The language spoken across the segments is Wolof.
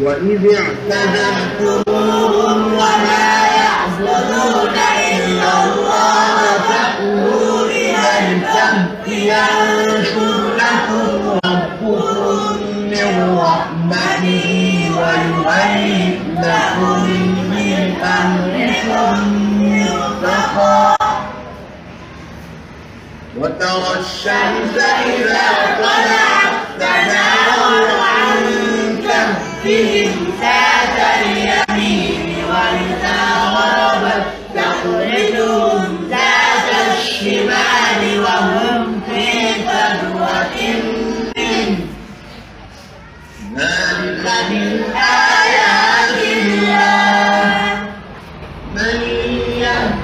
وإذ اعتزلتموهم وما يعبدون إلا الله فأتوا إلى الكهف ينشر لكم ربكم من رحمته ويهيئ لكم من أمركم مرفقا وترى الشمس إذا طلعت تناور بهم ذات اليمين وإذا غربت تخرجهم ذات الشمال وهم في فجوة منه ذلك من آيات الله من يهدي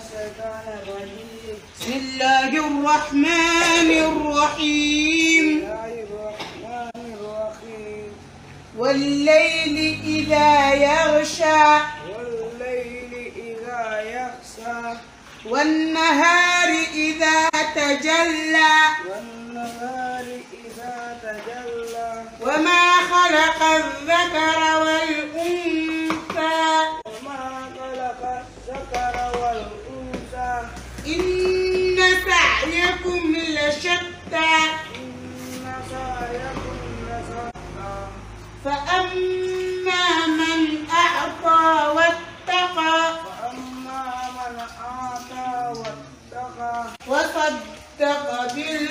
الشيطان الرجيم بسم الله الرحمن الرحيم والليل إذا يغشى والليل إذا يغشى والنهار إذا تجلى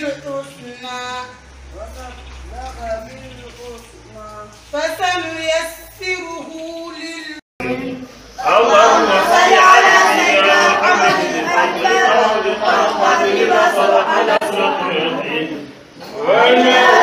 بالحسنى فسنيسره لل اللهم صل على سيدنا محمد الفاتح لما سبق نصره الدين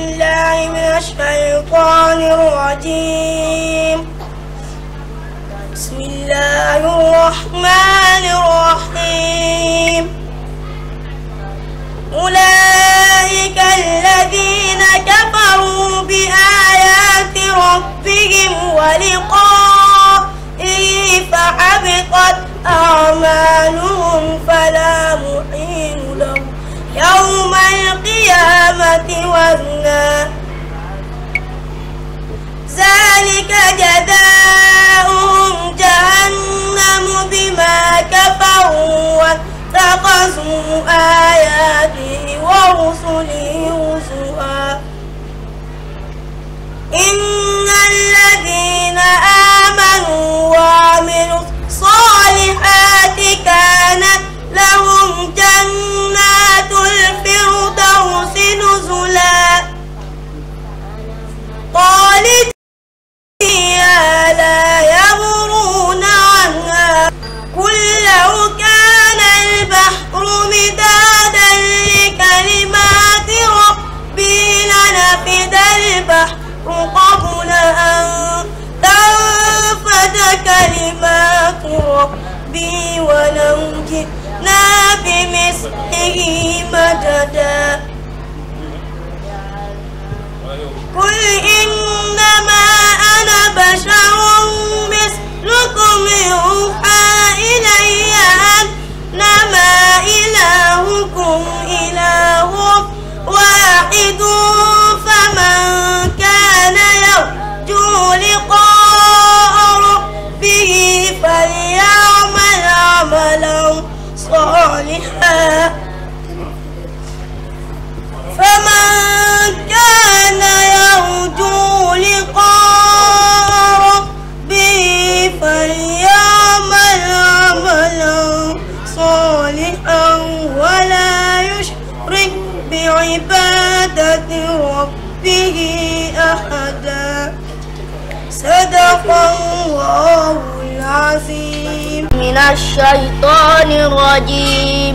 بالله من الشيطان الرجيم بسم الله الرحمن الرحيم أولئك الذين كفروا بآيات ربهم ولقائه فحبطت أعمالهم فلا محيل له يوم القيامة وزنا ذلك جزاؤهم جهنم بما كفروا واتخذوا آياته ورسله هزوا إن الذين آمنوا وعملوا الصالحات كانت لهم جنة كلمات ربي ولو جئنا بمثله مددا قل إنما أنا بشر مثلكم يوحى إلي أنما إلهكم إله واحد فمن كان يرجو صالحا فمن كان يرجو لقاء ربه فليعمل عملا صالحا ولا يشرك بعبادة ربه أحدا صدق الله العظيم من الشيطان الرجيم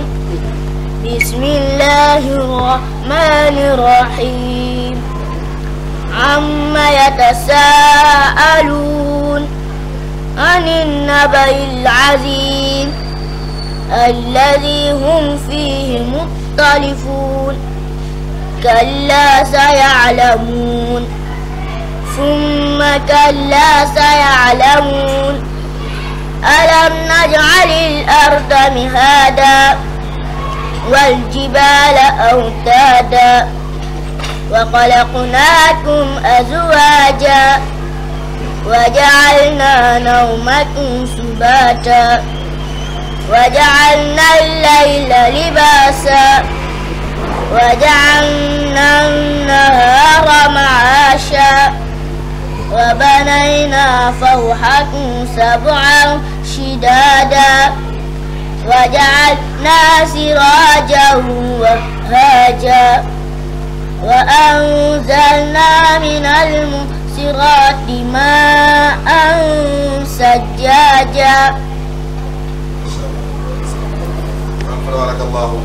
بسم الله الرحمن الرحيم عما يتساءلون عن النبأ العظيم الذي هم فيه مختلفون كلا سيعلمون ثم كلا سيعلمون ألم نجعل الأرض مهادا والجبال أوتادا وخلقناكم أزواجا وجعلنا نومكم سباتا وجعلنا الليل لباسا وجعلنا النهار معاشا وبنينا فوحكم سبعا شدادا وجعلنا سراجا وهاجا وأنزلنا من المسرات ماء سجاجا tabarakallahu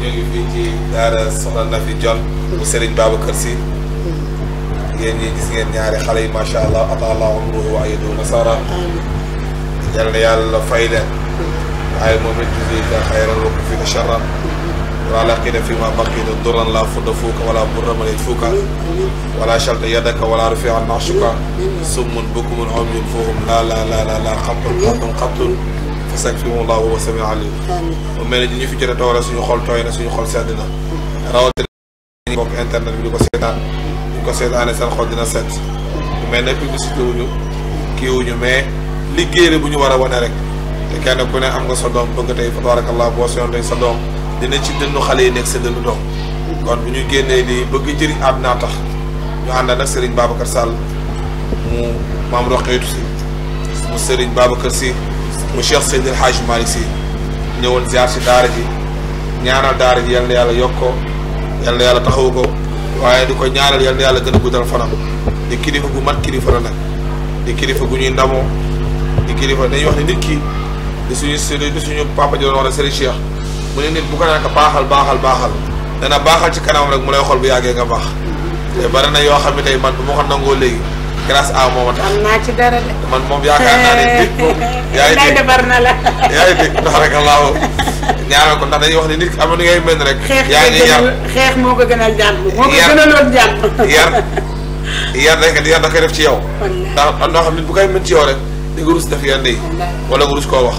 ñu ngi fii ci daara soxna na fi jon bu Serigne Babacar Sy ngeen ñi gis ngeen ñaari xale yi macha allah ataallahu amruhu wa ayyadahu nasara yal na yàlla fay leen waaye moom it jisika xayran wa kufika charran wa laqina fi ma baqita duran la fudda fuuka wala burra man fuuka wala shalta yadaka wala rufia nashuka summun bukmun umyun fahum la la la la la xattun xattun xattun fa sakfihumullahu wa samiu alim mu mel ni ñu fi jot a toore suñu xol tooy na suñu xol sedd na rawatina bokk internet bi di ko seetaan buñ ko seetaanee seen xol dina set mais nag publicité wuñu kii mais liggéey bu ñu war wane rek te kenn ne am nga sa doom bëgg tey boo seyoon sa doom dina ci dënnu xale yi nekk sa dënnu doom kon bu ñu génnee lii bëgg jëriñ àdduna tax ñu àndal nag Serigne Babacar Sall mu maam roqeetu si mu Serigne Babacar si mu Cheikh Seydil Hadj Malick si ñëwoon ziar si daara ji ñaanal daara ji yal na yàlla yokk ko yal na yàlla taxawu ko waaye di ko ñaanal yal yàlla gën a guddal fanam di kilifa gu mat kilifa la nag di kilifa gu ñuy ndamoo di kilifa dañuy wax ne nit ki di suñu di suñu papa ji doon wax ne mu ne nit bu ko nekk baaxal baaxal baaxal dana baaxal ci kanam rek mu lay xool bu yàggee nga baax te bari na yoo xam ne tey man bu ma ko nangoo léegi grâce a moom tax man moom yaakaar naa ne nit moom yaa ngi na la yaa ngi dégg ñaanal ko ndax dañuy wax ne nit ki am na ngay mel rek. yaa ngi yar xeex moo ko a jàpp. a loon jàpp. yar yar rek da def ci yow. ndax am noo xam nit bu kay mën ci yow rek di nga rus def yenn yi. wala nga rus koo wax.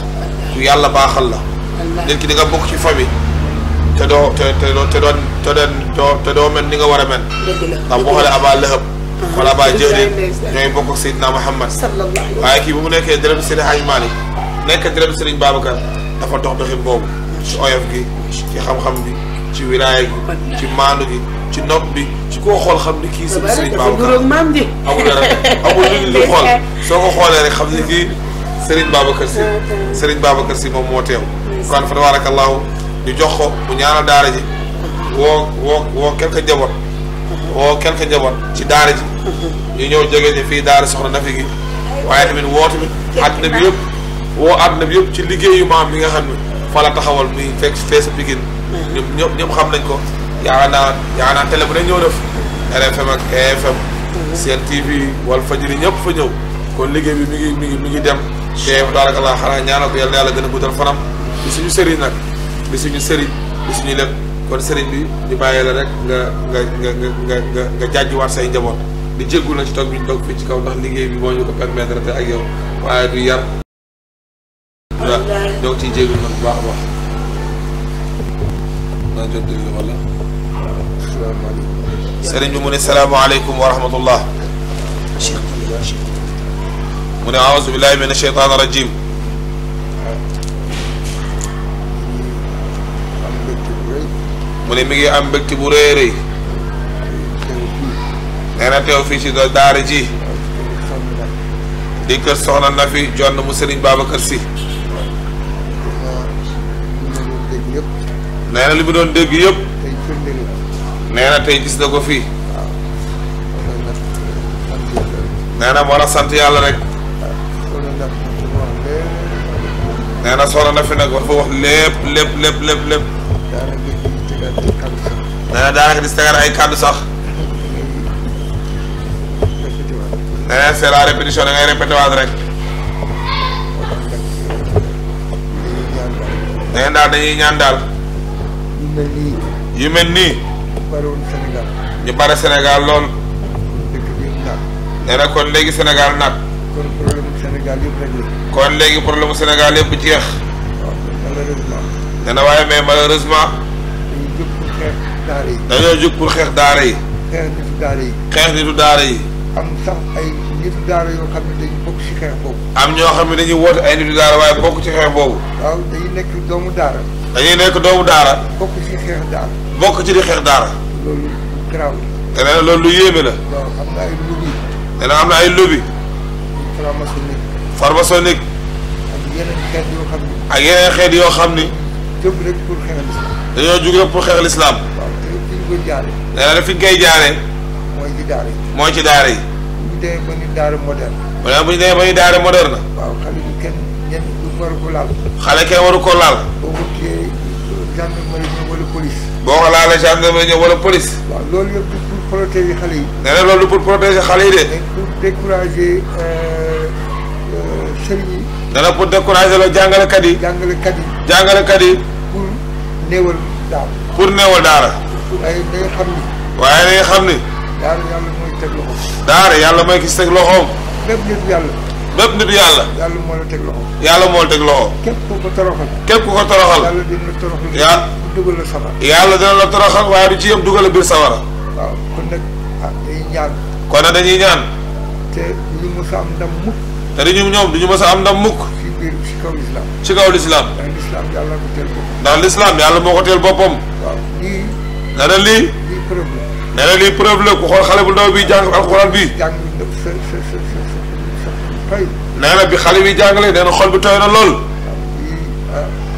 ku yàlla baaxal la. nit ki di nga bokk ci famille. te doo te te doo te doo te doo mel ni nga war a mel. ndax boo xoolee abaa lëhëb. Ah, wala ba jëlin ñooy bokk ak Seydina Muhammad waaye kii bu mu nekkee dërëm Sëriñ Haj Maalik nekk dërëm Sëriñ Babacar dafa dox doxin boobu ci oyof gi ci xam-xam bi ci wilaaya gi ci maandu gi ci nopp bi ci koo xool xam ni kii si Sëriñ Babacar soo xoolee rek xam ni kii Sëriñ Babacar Si Sëriñ Babacar Si moom moo teew kon fa tabaarakallaahu ñu jox ko mu ñaanal daara ji woo woo woo woo quelque njaboot ci daara ji ñu ñëw jógee ñu fii daara soxna Nafi gi waaye tamit woo tamit àddina bi yëpp woo àddina bi yëpp ci liggéeyu maam bi nga xam ne fa la taxawal muy fekk fee sa Pikine hmm. ñëpp ñëpp xam nañ ko yaakaar naa yaakaar naa télé bu ne ñëw def RFM ak EFM hmm. seen TV Walf Fadjri ñëpp fa ñëw kon liggéey bi mu ngi mi ngi mi ngi dem te baarakallah xanaa ñaanal ko yàlla yàlla gën a guddal fanam di suñu sëriñ nag di suñu sëriñ di suñu lépp kon sëriñ bi di bàyyi la rek nga nga nga nga nga nga jàjjiwaat say njaboot di jéggul na ci toog bi ñu toog ci kaw ndax liggéey bi moo ñu ko permettre te ak yow waaye du yar ñoo ngi ciy jéegul nag bu baax a baax naa jot dëgg wala salaamaaleykum sëriñ bi mu ne salaamaaleykum wa rahmatullah mu ne aouzu billahi min asheytaan rajim mu ne mi ngi am mbégte bu rëy a rëy nee na teew fii ci daara ji di kër soxna na fi jonn mu sëriñ Babacar Sy nee na li mu doon dégg yëpp. nee tey gis fii. nee na moo la sant yàlla rek. nee na soxna na fi nag war fa wax lépp lépp lépp lépp lépp. ay kàddu sax. nee na c'est la répétition da ngay répété waat rek. nee na daal dañuy ñaan daal. yu mel ni ñu bare woon ñu bare Sénégal lool. dëkk bi naat. kon léegi Sénégal naat. kon problème mu Sénégal yëpp réglé. léegi problème mu Sénégal yëpp jeex. waaw malheureusement. nee na waaye mais malheureusement. dañoo jóg pour xeex yi. dañoo xeex daara xeex nitu daara yi. yi. am sax ay nitu yoo xam ne bokk ci xeex ñoo xam ne dañuy woote ay nitu daara waaye bokk ci xeex boobu. waaw dañuy nekk doomu daara. dañuy nekk doomu daara. bokk ci xeex daara. bokk ci di xeex daara. loolu te nee loolu lu yéeme la. waaw am na ay lobby. nee na am na ay ak yeneen xeet yoo xam ni. jóg rek pour xeex l'islam. dañoo jóg pour xeex l'islam. waaw te fi ñu koy mooy ci daara yi. mooy ci daara yi. bu ñu demee ba ñu daara moderne. moderne. waaw xale kenn ñenn ko laal. xale kenn waru ko laal. boo ko téye gendarmerie ñëw wala police. boo ko laalee xale yi. nee na loolu pour protéger xale yi de. mais pour décourager euh, euh, sëriñ la jàngalekat yi. jàngalekat yi. yi. pour néewal daara. pour néewal daara. waaye xam ni. waaye da xam ni. daara yàlla mooy teg yàlla mooy gis teg loxoom. bépp nit yàlla. bépp yàlla. yàlla moo la teg loxo. yàlla moo la teg loxo. képp ku ko toroxal. képp ku ko toroxal. yàlla dina la toroxal. waaye du ci yem dugal biir safara. waaw kon nag ah dañuy ñaan. kon nag dañuy ñaan. te du ñu mës a am ndam mukk. te dañu ñoom du ñu mës a am ndam mukk. ci biir ci kaw lislaam. ci kaw lislaam. ndax lislaam yàlla ko teel boppam. ndax lislaam moo ko teel boppam. waaw lii. nee na lii preuve ku xool xale bu ndaw bi jàng alxuraan bi. jàng nee na bi xale bi jàngalee nee na xol bi tooy na lool. Ah,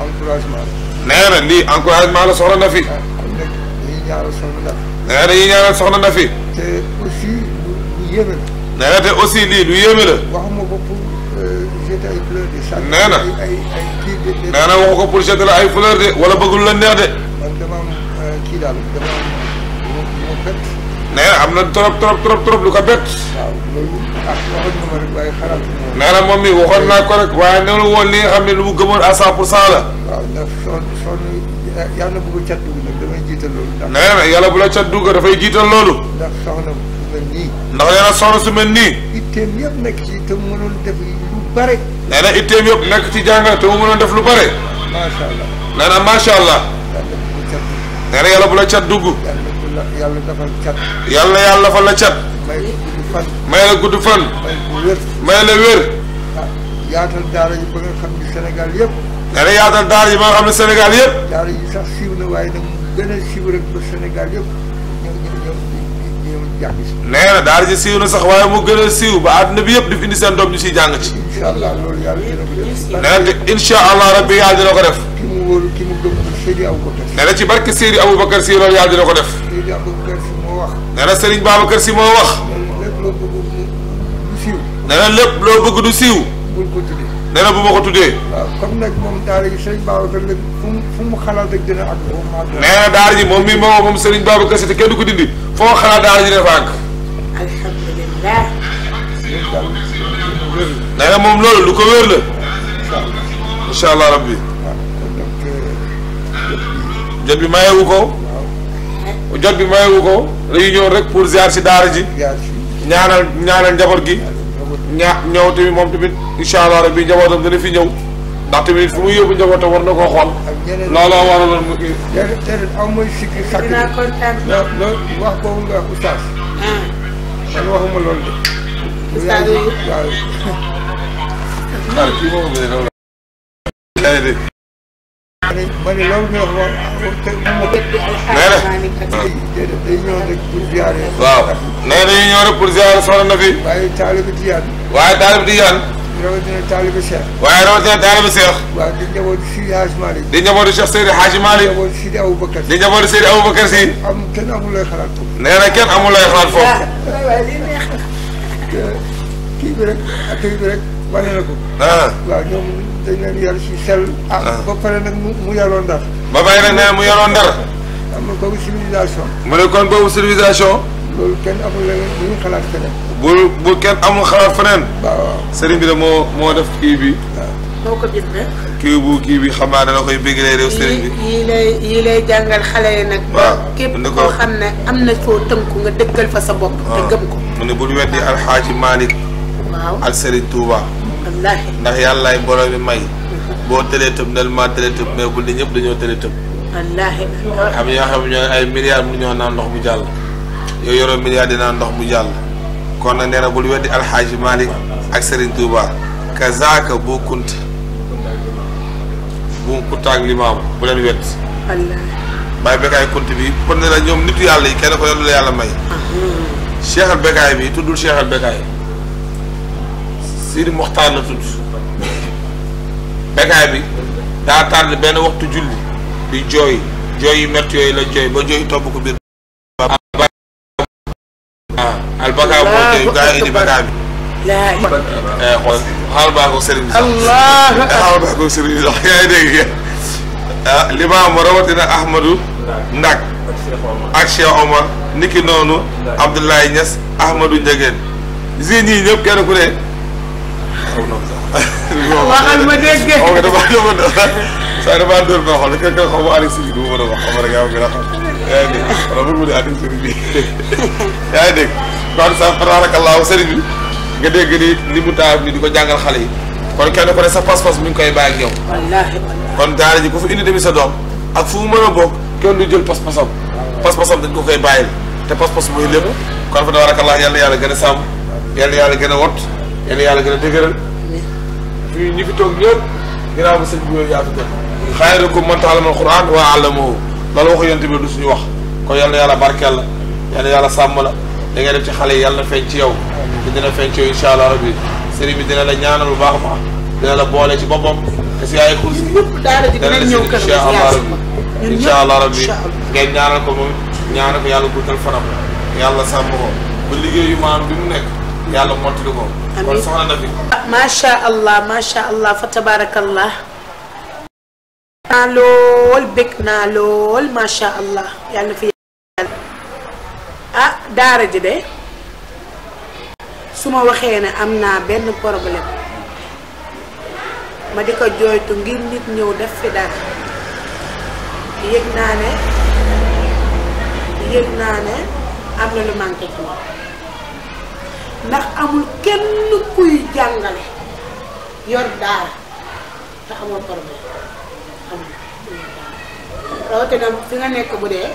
encouragement nee na lii encouragement la soxna na fi. Ah, nee yi ñaanal soxna na fi. te te aussi lii lu yéeme euh, na nee na waxu ko pour jeter ay fleurs de wala bëggul la neex de. nee na am na trop trop trop trop ko bett. nee na moom waxoon naa ko rek waaye ne lu woon li nga ne lu mu gëmoon à cent pour la. waaw ndax son cat jiital loolu. yàlla bu la cat dugg dafay jiital loolu. ndax soxna su mel nii. ndax nee nekk ci te mënoon def lu bare. nee na itteem yëpp nekk ci jàngale te mu mënoon def lu bare. macha allah nee na macha allah. yàlla bu la cat dugg. yàlla defal cat. yàlla yàlla la cat. may la gudd fan. may la wér. may ah, daara yi ba nga xam ne Sénégal yëpp. nee daara a siiw rek ba Sénégal yëpp ñëw ñëw ñëw si. ji siiw na sax waaye mu gën a siiw ba àdduna bi yëpp di indi seen doom ñu siy jàng ci. incha allah loolu yàlla dina ko ko def. wóolu ki mu gëm na ci barke Seydi ko def. Seydi moo wax. nee na Serigne Babacar Si moo wax. lépp loo bëgg du siiw. na lépp loo bëgg du na bu ma ko tuddee. waaw comme nag moom daara ji Serigne Babacar la fu mu na daara ji moom mii moo moom Serigne Babacar Si te du ko dindi foo xalaat daara ji dafa àgg. alhamdulilah. nee na moom loolu ko wér la. incha allah rabbi jot bi mayewu ko jot bi mayewu ko dañuy ñëw rek pour ziar si daara ji ñaanal ñaanal njaboot gi ña ñëw tamit moom tamit incha allah rek bi njabootam dana fi ñëw ndax tamit fu muy yóbbu njabootam war na koo xool looloo waraloon mu kii ma ne loolu nga wax waaw nee na ñu ñëw rek pour ziare soxna na fi. waaye taalibe Tijaan. waaye taalibe Tijaan. rawatina taalibe Cheikh. waaye rawatina taalibe Cheikh. waaw di njabootu Seydi Hadji Malick. di njabootu Cheikh Seydi Hadji Malick. di njabootu Seydi Aboubacar. di njabootu Seydi Aboubacar Si. am kenn amul lay xalaat foofu. nee na kenn amul lay xalaat foofu. kii bi rek ak kii bi rek. wane na ko. Ah. Ah, waaw ñoom dañ leen yar si xel. Ah, ah ba pare nag mu mu yoroon ndar. ba pare nag nee mu yoroon ndar. am na kooku civilisation. mu ne kon boobu civilisation. loolu kenn amul leneen bu ñu xalaat feneen. bu bu kenn amul xalaat feneen. waaw waaw sëriñ bi de moo moo def kii bi. moo ko bind nag. kii bu kii bi xam naa dana koy bégalee réew sëriñ bi yi lay yi lay jàngal xale yi nag. waaw képp koo xam ne am na foo tënku nga dëggal fa sa bopp. te gëm ko. mu ne bu ñu weddi alxaaji Malick ak Serigne Touba. ndax yàllaay borom bi may. boo tëlee tëb nel maa tëlee tëb mais bu di ñëpp dañoo tëlee tëb. wallaahi. xam ñoo xam ñoo ay milliards mu ñoo ndox mu jàll. yow yoroo milliards ndox mu jàll. kon nag nee na bul weddi alxaaji Malick ak Serigne Touba. kazaaka bu kunt bu kuntaak limaam bu leen wedd. wallaahi. bekkaay kunt bi kon ne la ñoom nitu yàlla yi kenn ko yor la yàlla may. Cheikh Bekkaay bi tuddul Cheikh Bekkaay. Sidi Moxtaar la tudd yu métti eh, ah, Ndak ak Cheikh Omar niki noonu Abdoulaye Niass Ahmadou Ndiagène zine yi ñëpp kenn ku ne waxal ma dégg saa damaa ma Alex bi a wax xam nga yaa yaa ngi dégg wala ne Alex bi yaa ngi sa tabaarakallaahu sëriñ bi nga dégg ni li mu taal ni di ko jàngal xale yi kon kenn ku ne sa pas-pas mi ngi koy bàyyi ak yow kon daara ji ku fi indi tamit sa doom ak fu mu mën a bokk kenn du jël pas-pasam pas-pasam dañ ko koy bàyyil te pas-pas mooy lépp kon fa tabaarakallaahu yàlla yàlla gën a sàmm yàlla yàlla gën a wot yéen yàlla gën a dëgëral. fii ñi fi toog ñëpp ginnaaw ba sëñ bi yow yaa fi jot. xayrukum man ta'allama al-Qur'an wa 'allamahu loolu bi du suñu wax kon yal yàlla barkeel la yal yàlla sàmm la da ngay ci xale yi yal feeñ ci yow te dina feeñ allah rabbi sëriñ bi dina la ñaanal bu baax a baax dina la boole ci boppam te si ay xursi dina la si incha allah rabbi incha allah rabbi ko moom ñaanal yàlla guddal fanam yàlla sàmm ko ba liggéeyu maam bi mu nekk yàlla mottali ko. amiin kon allah macha allah fa tabaarakallah. naa lool bëgg naa lool macha allah yàlla fi yàlla. ah daara ji de su ma waxee ne am naa benn problème ma di ko jooytu ngir nit ñëw def fi dara yëg naa ne yëg naa ne am na lu manqué fii. ndax amul kenn kuy jàngale yor daara te amoo problème amul rawatina fi nga nekk bu dee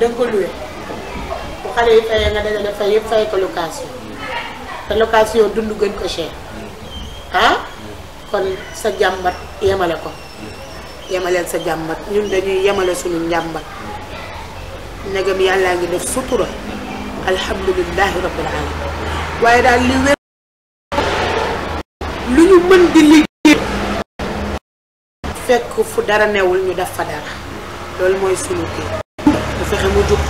da nga ko luwe bu xale yi fayee nga dajale fay yëpp fay ko location te location dund gën ko cher ah kon sa jàmbat yemale ko yemaleel sa jàmbat ñun dañuy yemale suñu njàmbat ndegam yàllaa ngi def sutura alhamdulilahi rabbil alamin waaye daal li wér lu ñu mën di liggéey fekk fu dara newul ñu def fa dara loolu mooy sunu kii bu fexe jub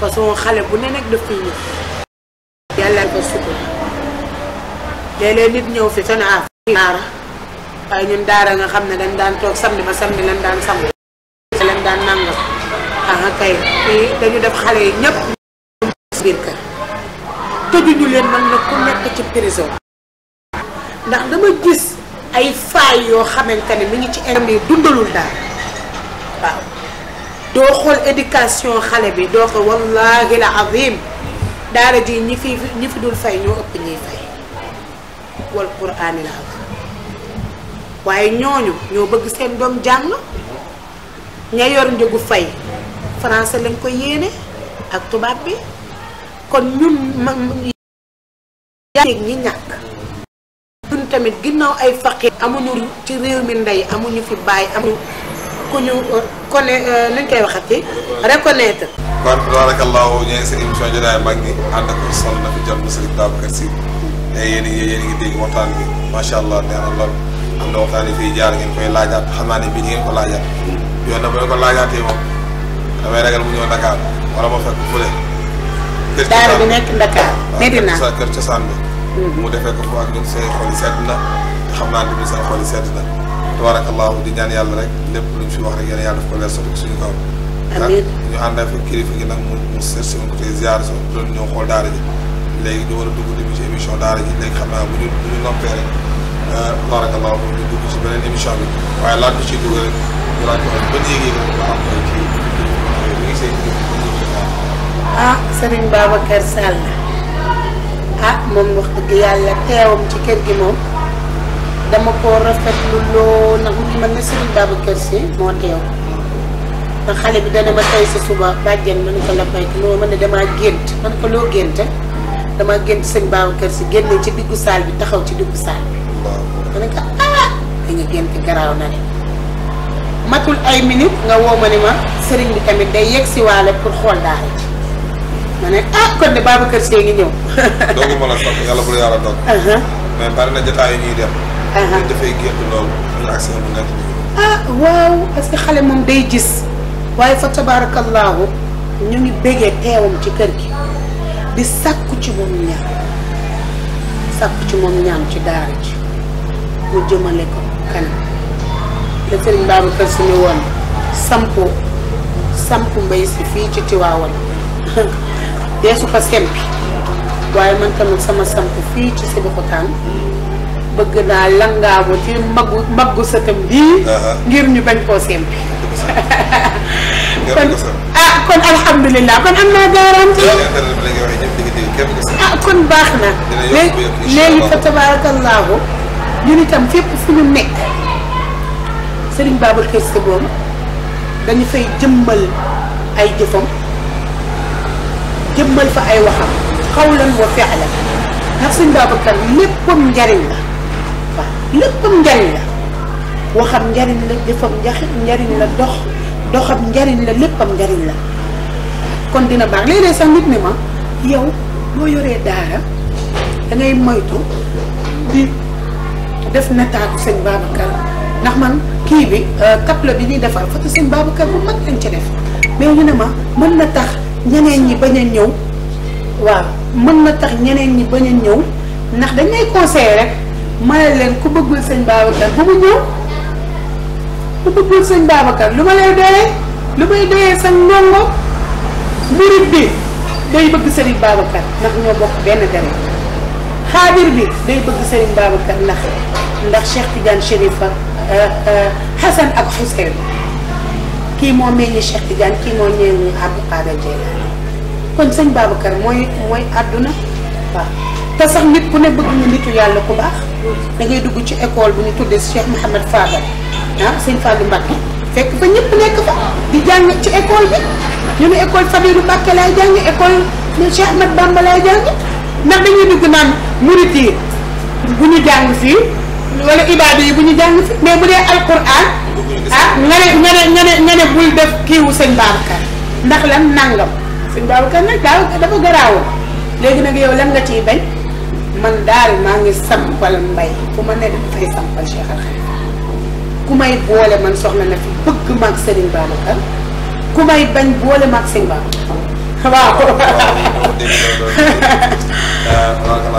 façon xale bu ne nekk daf fiy ñëw yàlla ko sutur léeg nit ñëw fi seen af daara waaye ñun daara nga xam ne dañ daan toog samedi ba samedi lan daan sangu lan daan nangam ah kay dañu def xale yi ñëpp biir nekk ci prison ndax dama gis ay faay yoo xamante ni mi ngi ci am yi dundalul daal doo xool éducation xale bi doo ko wallahi la azim daara ji ñi fi ñi fi dul fay ñoo ëpp ñuy fay wal quraani la waaye ñooñu ñoo bëgg seen doom jàng ña yor njëgu fay français lañ ko yéene ak tubaab bi kon ñun man yéeg ñi ñàkk ñun tamit ginnaaw ay faqir amuñu ci réew mi ndey amuñu fi bàyyi amuñu ku ñu euh, kone euh, nuñ koy waxati reconnaître kon tabaarakallaahu ñu ngi seen émission jotaay mag ñi na fi jot eh, a ngi a ngi dégg waxtaan bi macha allah nee na lool am na waxtaan yi fiy jaar ngeen koy laajaat xam naa ne bii ngeen ko laajaat yoon na boo ko laajaatee moom damay ragal mu ñëw Dakar wala ma fekk fële. kër daara bi nekk Dakar Medina waaw kër cosaan bi. Hmm. mu defee ko fu ak ñun say xol yi sedd na te xam naa ne say xol yi sedd na. tabaarakallaahu di ñaan yàlla rek lépp luñ fi wax rek yéen yàlla daf ko leer sotti suñu kaw. amiin ñu ànd ak kilifa gi nag mu mu seet si côté ziar si doon ñëw xool daara ji léegi ñu war a dugg dugg ci émission daara ji léegi xam naa bu ñu bu ñu noppee rek euh, tabaarakallaahu ñu dugg ci beneen émission bi waaye laaj ko ciy dugg rek ñu laaj ko ban yéeg-yéeg rek nga am gisee ah Serigne Babacar Sall ah moom wax dëgg yàlla teewam ci kër gi moom dama ko rafetlu loo ndax mu mën na Serigne Babacar si moo teew ndax xale bi dana ma tey si suba bàjjen man ko la fay loo mën ne damaa gént man ko loo gént damaa gént Serigne Babacar si génn ci diggu saal bi taxaw ci diggu saal bi. waaw ma ne ko ah da gént garaaw na de. matul ay minutes nga woo ma ni ma sëriñ bi tamit day yegg si waale pour xool daara ji ma ne ah kon de Babacar Seye ngi ñëw. doogu ma la toog yàlla bu la yàlla toog. Uh-huh. mais bari na jotaay ñuy dem. ñu uh-huh. dafay génn loolu ñu accès bu nekk ah waaw parce que xale moom day gis waaye fa tabaarakallaahu ñu ngi bégee teewam ci kër gi di sàkku ci moom ñaan sàkku ci moom ñaan ci daara ji mu jëmale ko kanam. te Serigne Babacar Sy woon sampu sampu mbay si fii ci Tiwaawan deesu fa sempi waaye man tamit sama samp fii ci Sébikotane bëgg naa langaamu ci maggu maggu sëtam bii ngir ñu bañ koo sempi kon ah kon am naa garanti ah kon baax na léegi fa tabarakallahu ñun itam fépp fu ñu nekk Serigne Babacar Sy boobu dañu fay jëmmal ay jëfam jëmmal fa ay waxam xawlan wa fi'lan ndax Serigne Babacar léppam njariñ la waaw léppam njariñ la waxam njariñ la jëfam njariñ la dox doxam njariñ la léppam njariñ la kon dina baax léeg-léeg sax nit ni ma yow boo yoree daara da moytu di def nataaku sëñ Babacar ndax man kii bi kaple euh, bi ñuy defar fa seen Babacar bu mag lañ ci def mais ñu ne ma mën na tax ñeneen ñi bañ a ñëw waaw mën na tax ñeneen ñi bañ a ñëw ndax dañuy lay rek mane leen ku bëggul sëñ Babacar bu mu ñëw ku bëggul sëñ Babacar lu ma lay doyee lu may doyee sa ndongo murit bi day bëgg sëriñ Babacar ndax ñoo bokk benn deret xaadir bi day bëgg sëriñ Babacar ndax ndax Cheikh Tidiane Chérif ak Xasan euh, euh, ak Xuseyn kii moo meññi Cheikh Tidiane kii moo ñeeñu Abdou Qadir Jeylaani kon sëñ Babacar mooy mooy àdduna waaw sax nit ku ne bëgg nga nitu yàlla ku baax da dugg ci école bu ñu tuddee Cheikh Mouhamed Fadal ah sëñ Fallou Mbacké fekk fa ñëpp nekk fa di jàng ci école bi ñu ne école Fadilou Mbacké laay jàng école Cheikh Ahmed Bamba laay jàng ndax dañuy dugg naan murit bu ñu jàng fii wala ibaadu yi bu ñu jàng fi mais bu dee alquran ah nga ne nga ne nga ne nga ne bul def kiiwu sëñ Babacar ndax lan nangam sëñ Babacar nag daaw dafa garaawoon léegi nag yow lan nga ciy bañ man daal maa ngi sampal mbay fu ma ne dafay sampal Cheikh Al ku may boole man soxla na fi bëgg maag Serigne Babacar ku may bañ boole maag sëñ Babacar waaw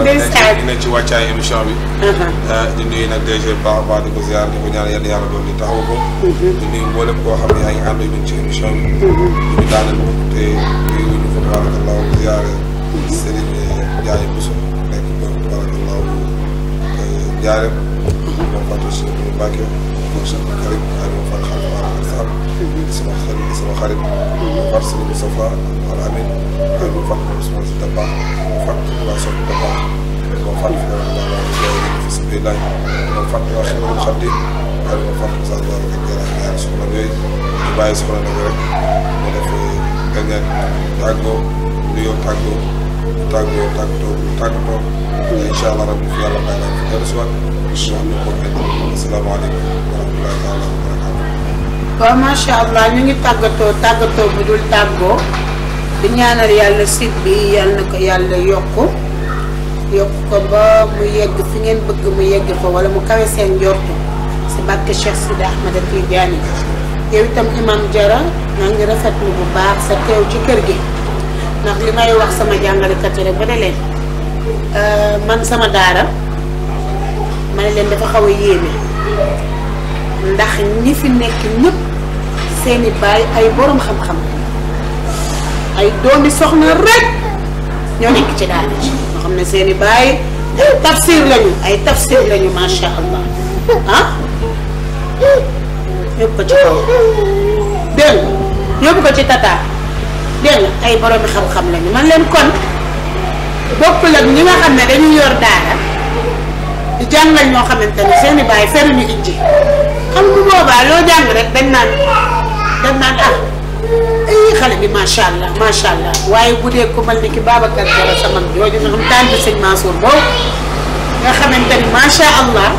ndeysaan dina ci wàccaay émission bi di nuyu nag DG baax a baax di ko ziar di ko ñaan yàlla yàlla doon di taxaw ko uh-huh. di nuyu mboolem koo xam ne yaa ngi ànd ñun ci émission bi ñu uh-huh. daaneel ko te nuyu ñu fa tabarakallahu ziare uh-huh. Serigne Ndiaye Bousso nekk uh, ko tabarakallahu jaare moom Fatou Seye Mbacke mooy sama xarit Aliou Fall xarit di sama xarit di sama xarit. Fat Sëñ Moustapha Al Amin Aliou Fall Ousmane Si Dabakh Fat waa Sopp Dabakh moom Fat fi fi si biir laaj moom Fat waa Xeyrul Xadim Aliou Fat Oustaz Ba ak Jaraaf ñaari soxna yooyu ñu bàyyi soxna nag rek mu def gàncax tàggoo nuyoo tàggoo ñu tàggoo tàggatoo ñu tàggatoo incha allah rabbi fi yàlla bàyyi laa fi allah ñu ngi tàggatoo tàggatoo bu dul tàggoo di ñaanal yàlla site bi yàlla na ko yàlla yokku yokk ko ba mu yegg fi ngeen bëgg mu yegg fa wala mu kawe seen njortu si barke Cheikh Sidi Ahmada Tidiane yow itam imam Jara maa ngi rafetlu bu baax sa teew ci kër gi. ndax li may wax sama jàngalekat yi rek ba ne leen euh, man sama daara ma ne leen dafa xaw a yéeme ndax ñi fi nekk ñëpp seeni baay ay borom xam-xam ay doomi soxna rek ñoo nekk ci daara ji nga xam ne seeni baay tafsir lañu ay tafsir lañu macha allah ah yóbbu ko ci kaw dégg ko ci tata dégg ay borom xam-xam lañu man leen kon bokkul ak ñi nga xam ne dañu yor daara di jàngal ñoo xamante ne seen i bàyyi feruñu ijji xam bu boobaa loo jàng rek dañ naan dañ naan ah ay xale bi macha allah macha allah waaye bu dee ku mel ni ki Babacar Diarra sama jooju nga xam taal bi sëñ Mansour boobu nga xamante ni macha allah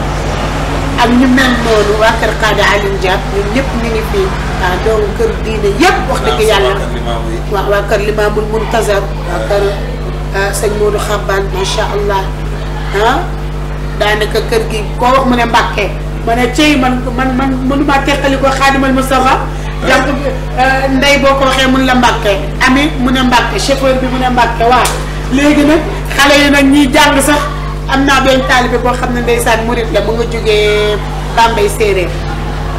ak ñu mel noonu waa Kër Khada Alioune Diagne ñun ñëpp ñu ngi fii. waaw kër diine yëpp wax dëgg yàlla waaw waa kër limaamul muntazar waa kër sëñ Modou Xaban macha allah ah daanaka kër gi koo wax mu ne Mbàkke ma ne cey man man man mënumaa teqali ko xaadimal Mustafa eh? jàpp ndey la Mbàkke ami mu ne Mbàkke bi mu ne Mbàkke waaw léegi nag xale yi nag ñiy jàng sax am naa benn taalibe boo xam ne ndeysaan murit la mu nga jógee Bambey séeréer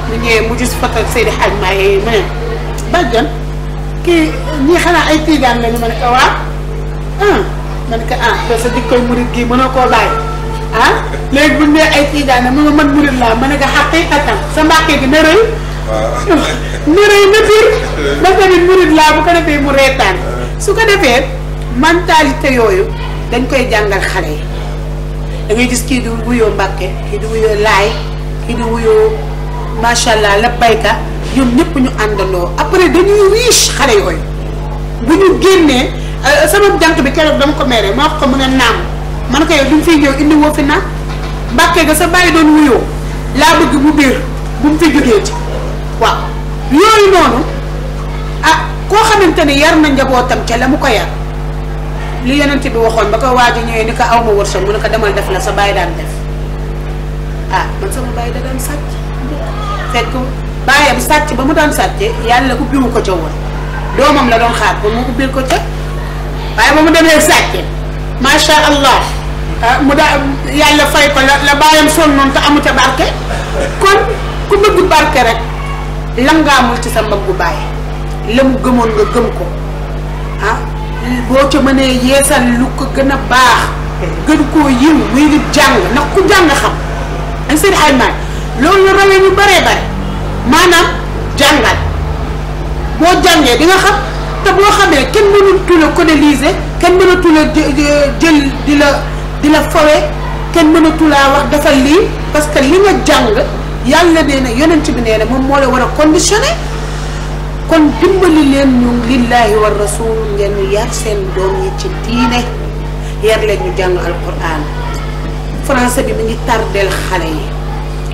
mu ñëwee mu gis photo Seydi Hadj Maye mu ne bàjjan kii ñii xanaa ay tiijaan lañu ma ne ko waaw ah ko ah parce que di koy murit gii mënoo koo bàyyi ah? léegi bu nee ay tiijaan la mu nga mën murit laa ma ne ko xaqiqatan sa mbàkkee gi na rëy na rëy na biir ba tamit murit laa bu ko defee mu reetaan ah. su ko defee mentalité yooyu dañ koy jàngal xale yi da gis kii di wuyoo Mbàkke kii di wuyoo Laay kii di wuyoo macha allah la bayka ñoom ñëpp ñu àndandoo après dañuy riche xale yooyu bu ñu génnee euh, sama janq bi keroog dama ko mere ma wax ko mu ne naam man ko yow duñ fiy ñëw woo fi naam mbàkkee ga sa bàyyi doon wuyoo laa bëgg bu biir bu mu fi jógee ci waaw yooyu noonu ah koo xamante ni yar na njabootam ca la mu ko yar li yonent bi waxoon ba ko waaj a ñëwee ni ko aw ma wërsëg mu ne ko demal def la sa bàyyi daan def ah man sama bàyyi daan sàcc. fekk baayam sàcc ba mu daan sàcce yàlla ubbiwu ko ca woon doomam la doon xaar ba mu ubbil ko ca waaye ba mu demee sàcce macha allah ah, mu daa yàlla fay ko la la baayam sonn noonu te amu ca barke kon ku bëgg barke rek langaamul ci sa mbaggu baay la mu gëmoon nga gëm ko ah, boo ca mënee yeesal lu ko gën a baax gën koo yiw muy li jàng ndax ku jàng xam an seen ay maay loolu la rawee ñu bëree bëri maanaam jàngal boo jàngee bi nga xam te boo xamee kenn mënatu la codéliser kenn mënatu la jël di la di la fawe kenn mënatu laa wax dafa lii parce que li nga jàng yàlla nee na yonent bi nee na moom moo la war a conditionné kon dimbali leen ñu lillahi wa rasul ngeen ñu yar seen doom yi ci diine yar leen ñu jàng alquran français bi mu ngi tardeel xale yi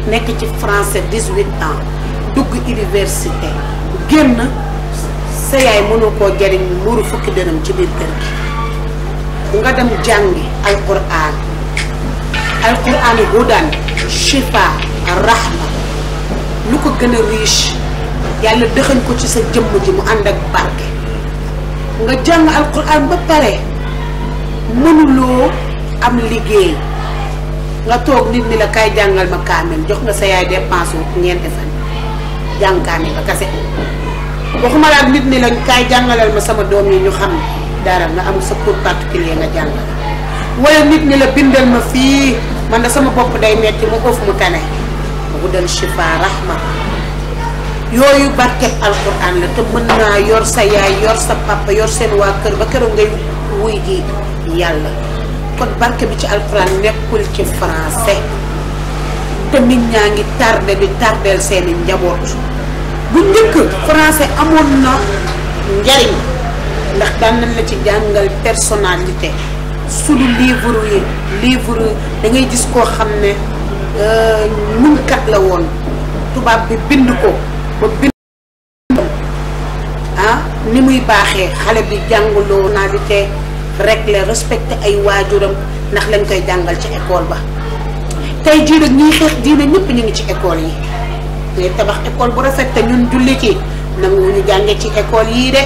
nekk ci français 18 ans dugg université génn sa yaay mënu koo jariñ muuru fukki dërëm ci biir kër gi nga dem jàngi alquran alquran hudan shifa rahma lu ko gën a riche yàlla dëxañ ko ci sa jëmm ji mu ànd ak barke nga jàng alquran ba pare mënuloo am liggéey nga toog nit ni la kay jàngal ma kaamil jox nga sa yaay dépense wu ñeenti fan jàng kaamil ba kase waxuma ma sama doom yi ñu xam dara nga am sa cours particulier nga nit ni la bindal ma fii man da sama bopp day metti mu ëf mu tane mu dal shifa rahma yooyu barkeb alquran la te mën naa yor sa yaay yor sa papa yor seen waa kër ba keroog ngay wuy ji yàlla kon barke bi ci alxuraan nekkul ci français te nit ñaa ngi tardé di tardeel seeni njaboot bu njëkk français amoon na njariñ ndax daan nañ la ci jàngal personnalité suñu livre yi livre da ngay gis koo xam ne euh, mun la woon tubaab bi bind ko ba bind ah ni muy baaxee xale bi jàngaloo naalité régler respecter ay waajuram ndax lañ koy jàngal ci école ba tey jii nag ñuy xeex diine ñëpp ñu ngi ci école yi ngay tabax école bu rafet te ñun julli ci nangu ñu jànge ci école yii de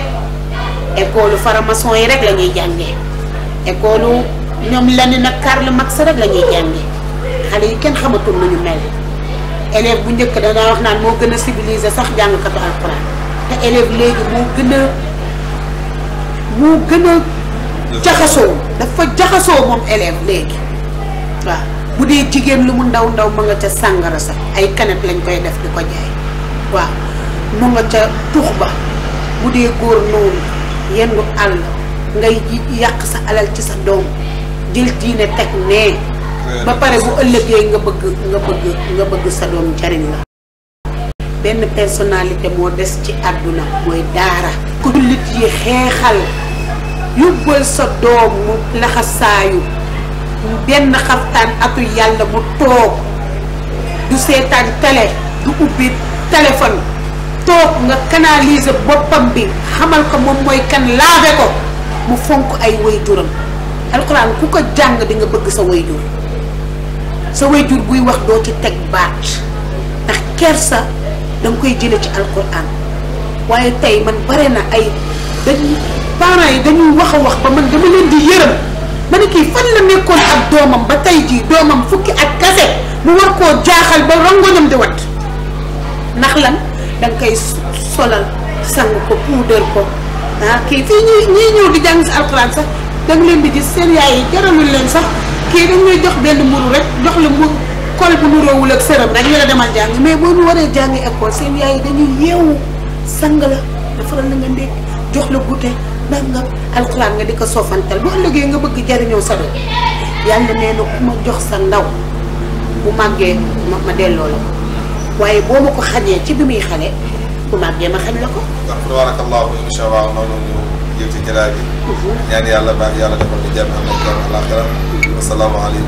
école faramason yi rek la ñuy jànge école ñoom Lénine ak kar Marx rek la ñuy jànge xale yi kenn xamatul nañu mel élève bu njëkk danaa wax naan moo gën a civilisé sax jàngkatu alxuraan te élève léegi moo gën a moo gën a jaxasoo dafa jaxasoo moom élève léegi waaw bu dee jigéen lu mu ndaw ndaw ma nga ca sàngara sax ay canette lañ koy def di ko jaay waaw mu nga ca tux ba bu dee góor noonu yendu àll ngay yàq sa alal sa doom jël diine teg ba pare bu ëllëgee nga bëgg nga bëgg nga bëgg sa doom jariñ la benn personnalité moo des ci àdduna mooy daara ku jullit yi xeexal yóbbal sa doom mu laxasaayu benn xaftaan atu yàlla mu toog du seetaan tele du ubbi téléphone toog nga canaliser boppam bi xamal ko moom mooy kan laabe ko mu fonk ay waajuram alxuraan ku ko jàng di nga bëgg sa waajur sa waajur buy wax doo ci teg baat ndax kersa danga koy jële ci alxuraan waaye tey man bare na ay dañ parents yi dañuy wax a wax ba man dama leen di yërëm ma ne kii fan la nekkoon ak doomam ba tey jii doomam fukki ak kase mu war koo jaaxal ba rangoñam di wat ndax lan da nga koy solal sang ko puudar ko ah kii fii ñuy ñuy ñëw di jàng si alxuraan sax da leen di gis seen yaay yi jaralul leen sax kii dañ lay jox benn muru rek jox la mu kol bu ak sërëm rek ñu la demal jàng mais boo ñu waree jàng école seen yaay yi dañuy yeewu sang la jox la goûter nangam alxuraan nga di ko soofantal bu ëllëgee nga bëgg jariñoo sa doom yàlla nee na ma jox sa ndaw bu màggee ma delloo la waaye boo ma ko xañee ci bi muy xale bu màggee ma xañ la ko. ndax tabaarakallaahu incha allah noonu ñu jël ci jëlaat bi. Mhm. yàlla baax yàlla defal ñu jàmm am na jàmm àllaaxira. asalaamaaleykum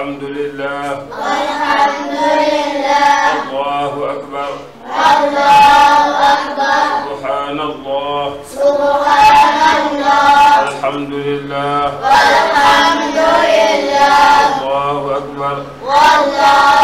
والحمد لله والحمد لله الله أكبر الله أكبر سبحان الله سبحان الله الحمد لله والحمد لله الله أكبر والله